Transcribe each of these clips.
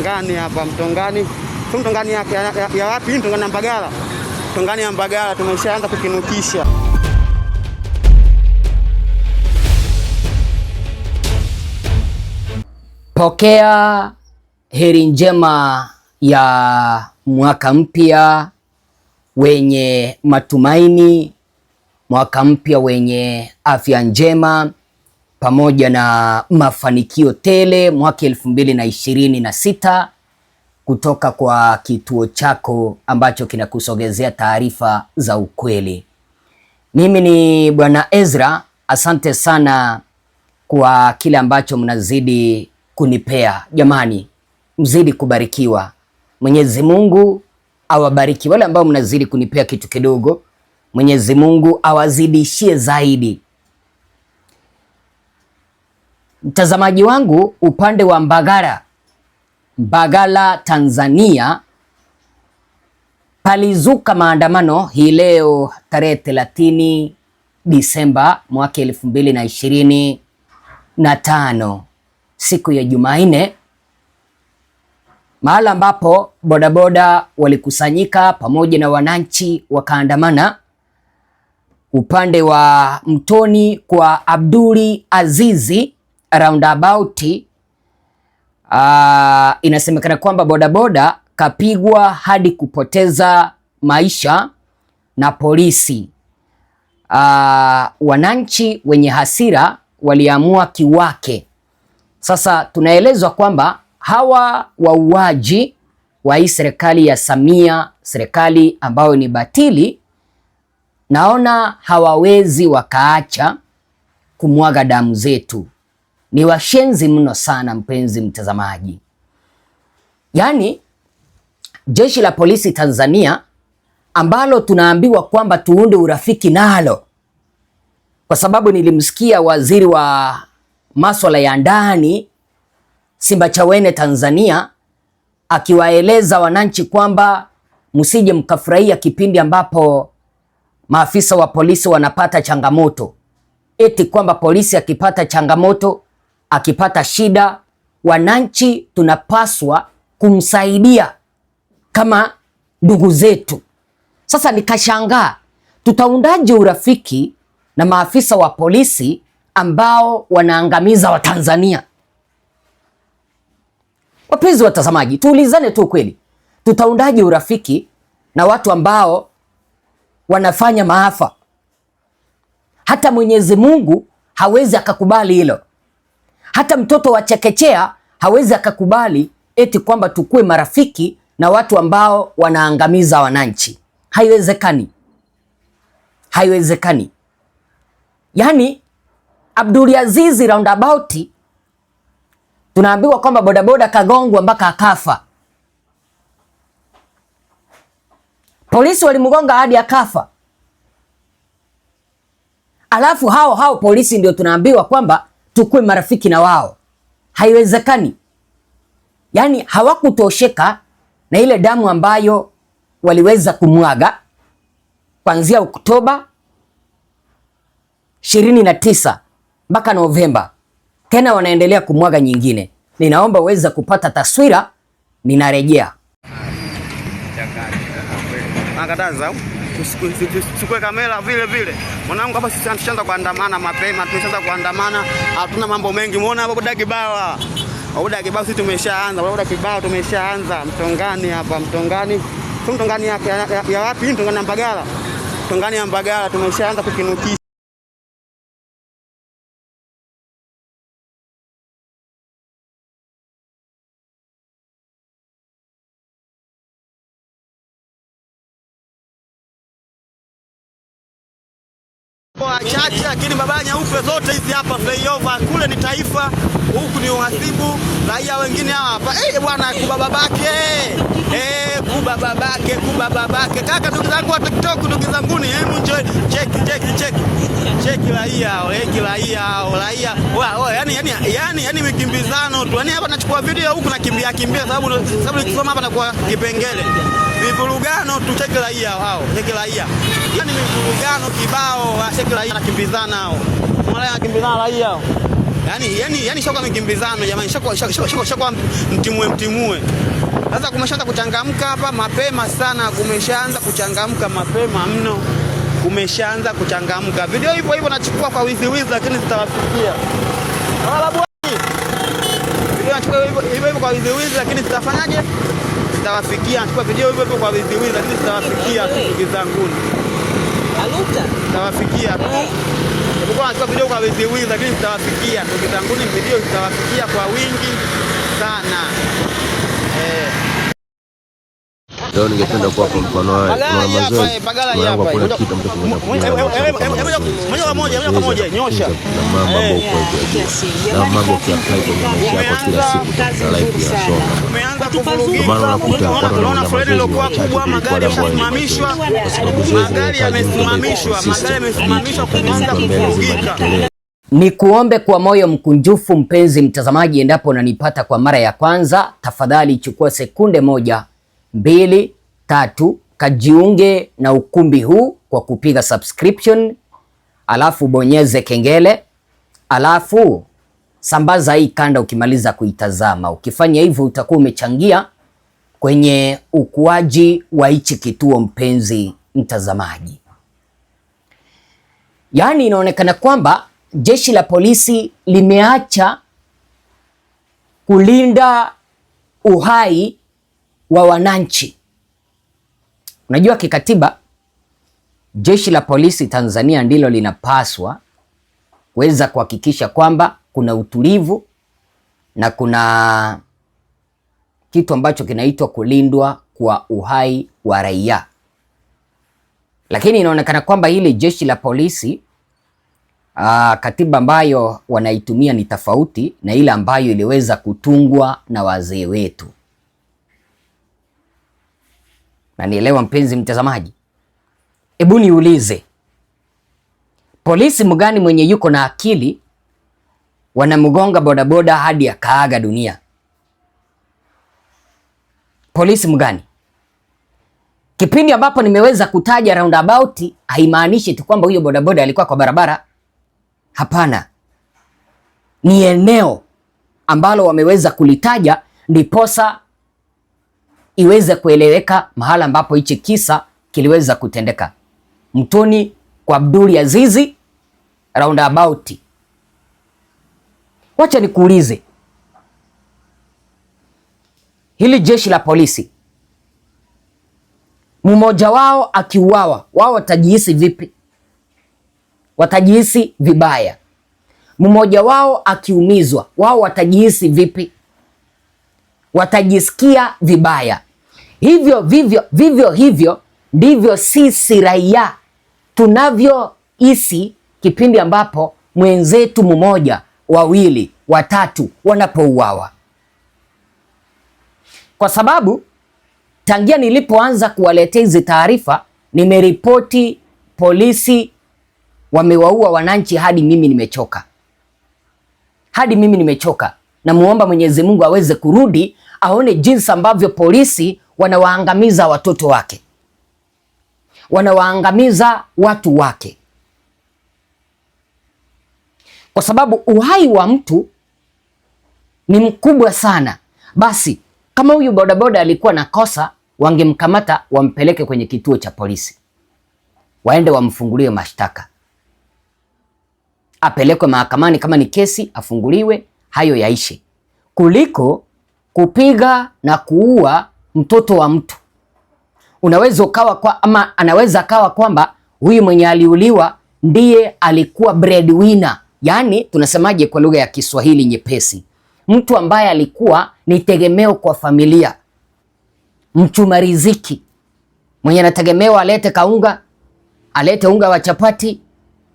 Mtongani hapa Mtongani, Mtongani yake ya, ya, ya wapi? Mtongani ya Mbagala, Mtongani ya Mbagala tumeshaanza kukinukisha. Pokea heri njema ya mwaka mpya wenye matumaini, mwaka mpya wenye afya njema pamoja na mafanikio tele mwaka elfu mbili na ishirini na sita kutoka kwa kituo chako ambacho kinakusogezea taarifa za ukweli. Mimi ni Bwana Ezra, asante sana kwa kile ambacho mnazidi kunipea. Jamani, mzidi kubarikiwa. Mwenyezi Mungu awabariki wale ambao mnazidi kunipea kitu kidogo. Mwenyezi Mungu awazidishie zaidi Mtazamaji wangu upande wa Mbagala, Mbagala Tanzania, palizuka maandamano hii leo tarehe 30 Disemba mwaka elfu mbili na ishirini na tano siku ya Jumanne, mahala ambapo bodaboda walikusanyika pamoja na wananchi wakaandamana upande wa Mtoni kwa Abduli Azizi about uh, inasemekana kwamba bodaboda kapigwa hadi kupoteza maisha na polisi. Uh, wananchi wenye hasira waliamua kiwake. Sasa tunaelezwa kwamba hawa wauaji wa hii serikali ya Samia, serikali ambayo ni batili, naona hawawezi wakaacha kumwaga damu zetu ni washenzi mno sana, mpenzi mtazamaji. Yaani jeshi la polisi Tanzania ambalo tunaambiwa kwamba tuunde urafiki nalo, kwa sababu nilimsikia waziri wa masuala ya ndani Simbachawene Tanzania akiwaeleza wananchi kwamba msije mkafurahia kipindi ambapo maafisa wa polisi wanapata changamoto, eti kwamba polisi akipata changamoto akipata shida, wananchi tunapaswa kumsaidia kama ndugu zetu. Sasa nikashangaa, tutaundaje urafiki na maafisa wa polisi ambao wanaangamiza Watanzania? Wapenzi watazamaji, tuulizane tu kweli, tutaundaje urafiki na watu ambao wanafanya maafa? Hata Mwenyezi Mungu hawezi akakubali hilo. Hata mtoto wa chekechea hawezi akakubali eti kwamba tukue marafiki na watu ambao wanaangamiza wananchi. Haiwezekani, haiwezekani. Yaani Abdulaziz roundabout tunaambiwa kwamba bodaboda kagongwa mpaka akafa. Polisi walimgonga hadi akafa. Alafu hao hao polisi ndio tunaambiwa kwamba tukuwe marafiki na wao, haiwezekani. Yaani hawakutosheka na ile damu ambayo waliweza kumwaga kuanzia Oktoba 29 mpaka Novemba, tena wanaendelea kumwaga nyingine. Ninaomba uweze kupata taswira, ninarejea tusikue kamera vile vile. Mwanangu, hapa sisi tushaanza kuandamana mapema, tumeshaanza kuandamana, hatuna mambo mengi. Muona hapo boda Kibawa, boda Kibawa sisi tumeshaanza, boda Kibawa tumeshaanza. Mtongani hapa, Mtongani tu, Mtongani ya, ya, ya wapi? Mtongani ya Mbagala, Mtongani ya Mbagala tumeshaanza kukinukisha. wachache, lakini baba nyeupe zote hizi hapa flyover kule ni Taifa huku ni uhasibu raia wengine hapa eh, bwana kuba babake eh, kuba babake, kuba babake. Kaka, ndugu zangu wa TikTok, ndugu zangu ni hebu njoo check check check check raia hao, eh raia hao, raia wa, yani yani yani yani mikimbizano tu. Yani hapa nachukua video huku nakimbia kimbia, sababu sababu nikisoma hapa nakuwa kipengele vivurugano tu, check raia hao, check raia yani vivurugano kibao, check raia nakimbizana hao, mara ya kimbizana raia hao yani, yani, yani shakuwa mikimbizano jamani, shakuwa mtimue mtimue. Sasa kumeshaanza kuchangamka hapa mapema sana, kumeshaanza kuchangamka mapema mno, kumeshaanza kuchangamka. Video hivyo hivyo nachukua kwa wizi wizi, lakini zitawafikia video nachukua hivyo hivyo kwa wizi wizi, lakini zitafanyaje? Zitawafikia. Nachukua video hivyo hivyo kwa wizi wizi, lakini zitawafikia tu, ndugu zangu, zitawafikia tu. Eh? Tulikuwa tunachukua video kwa wezi wingi, lakini tutawafikia ndugu zanguni, video zitawafikia kwa wingi sana eh leo ningependa ningependa kwa mkono haya. Kuna mazoezi yangu eh, kuna kitu ambacho eh, eh, moja kwa moja, moja kwa moja, nyosha mambo ambayo uko hiyo na mambo kwa kwa kwa maisha yako kila siku katika life ya somo. Kwa maana unakuta watu wanaona foleni iliyokuwa kubwa, magari yamesimamishwa, magari yamesimamishwa, magari yamesimamishwa kuanza kuvurugika. Ni kuombe kwa moyo mkunjufu mpenzi mtazamaji, endapo unanipata kwa mara ya kwanza, tafadhali chukua sekunde moja mbili, tatu, kajiunge na ukumbi huu kwa kupiga subscription, alafu bonyeze kengele, alafu sambaza hii kanda ukimaliza kuitazama. Ukifanya hivyo utakuwa umechangia kwenye ukuaji wa hichi kituo, mpenzi mtazamaji. Yaani inaonekana kwamba jeshi la polisi limeacha kulinda uhai wa wananchi. Unajua kikatiba, jeshi la polisi Tanzania ndilo linapaswa kuweza kuhakikisha kwamba kuna utulivu na kuna kitu ambacho kinaitwa kulindwa kwa uhai wa raia, lakini inaonekana kwamba hili jeshi la polisi aa, ah, katiba ambayo wanaitumia ni tofauti na ile ambayo iliweza kutungwa na wazee wetu na nielewa mpenzi mtazamaji, hebu niulize, polisi mgani mwenye yuko na akili wanamgonga bodaboda hadi akaaga dunia? Polisi mgani? Kipindi ambapo nimeweza kutaja roundabout haimaanishi tu kwamba huyo bodaboda alikuwa kwa barabara. Hapana, ni eneo ambalo wameweza kulitaja ndiposa iweze kueleweka mahala ambapo hichi kisa kiliweza kutendeka mtoni kwa Abdul Azizi roundabout. Wacha nikuulize, hili jeshi la polisi mmoja wao akiuawa, wao watajihisi vipi? Watajihisi vibaya. Mmoja wao akiumizwa, wao watajihisi vipi? watajisikia vibaya. Hivyo vivyo, vivyo hivyo ndivyo sisi raia tunavyohisi kipindi ambapo mwenzetu mmoja, wawili, watatu wanapouawa, kwa sababu tangia nilipoanza kuwaletea hizi taarifa nimeripoti polisi wamewaua wananchi hadi mimi nimechoka, hadi mimi nimechoka. Namuomba Mwenyezi Mungu aweze kurudi aone jinsi ambavyo polisi wanawaangamiza watoto wake, wanawaangamiza watu wake, kwa sababu uhai wa mtu ni mkubwa sana. Basi kama huyu bodaboda alikuwa na kosa, wangemkamata wampeleke kwenye kituo cha polisi, waende wamfungulie mashtaka, apelekwe mahakamani, kama ni kesi afunguliwe hayo yaishe, kuliko kupiga na kuua mtoto wa mtu. Unaweza ukawa kwa, ama anaweza kawa kwamba huyu mwenye aliuliwa ndiye alikuwa breadwinner, yaani tunasemaje kwa lugha ya Kiswahili nyepesi, mtu ambaye alikuwa ni tegemeo kwa familia, mchuma riziki mwenye anategemewa alete kaunga, alete unga wa chapati,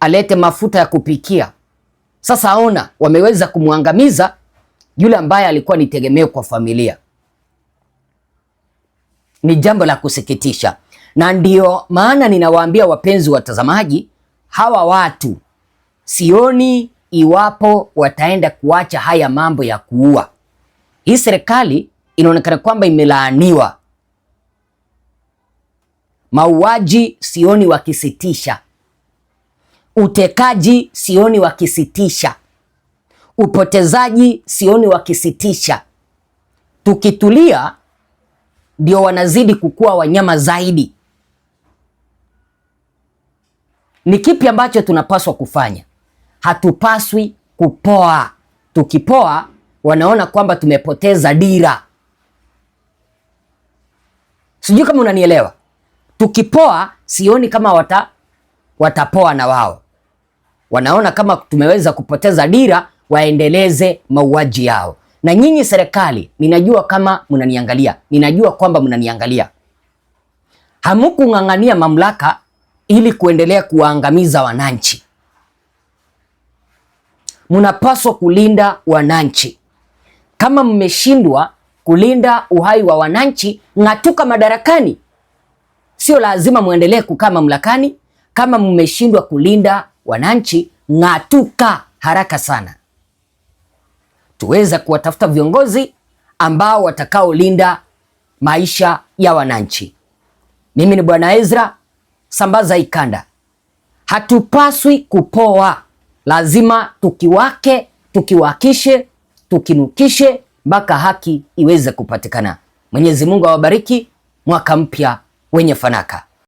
alete mafuta ya kupikia, sasa ona, wameweza kumwangamiza yule ambaye alikuwa ni tegemeo kwa familia. Ni jambo la kusikitisha, na ndio maana ninawaambia wapenzi watazamaji, hawa watu sioni iwapo wataenda kuacha haya mambo ya kuua. Hii serikali inaonekana kwamba imelaaniwa. Mauaji sioni wakisitisha. Utekaji sioni wakisitisha, upotezaji sioni wakisitisha. Tukitulia ndio wanazidi kukua wanyama zaidi. Ni kipi ambacho tunapaswa kufanya? Hatupaswi kupoa. Tukipoa wanaona kwamba tumepoteza dira. Sijui kama unanielewa. Tukipoa sioni kama wata, watapoa na wao wanaona kama tumeweza kupoteza dira, waendeleze mauaji yao. Na nyinyi serikali, ninajua kama mnaniangalia, ninajua kwamba mnaniangalia, hamukung'ang'ania mamlaka ili kuendelea kuwaangamiza wananchi. Mnapaswa kulinda wananchi. Kama mmeshindwa kulinda uhai wa wananchi, ng'atuka madarakani. Sio lazima muendelee kukaa mamlakani kama mmeshindwa kulinda wananchi ng'atuka haraka sana, tuweza kuwatafuta viongozi ambao watakaolinda maisha ya wananchi. Mimi ni Bwana Ezra, sambaza ikanda. Hatupaswi kupoa, lazima tukiwake, tukiwakishe, tukinukishe mpaka haki iweze kupatikana. Mwenyezi Mungu awabariki, mwaka mpya wenye fanaka.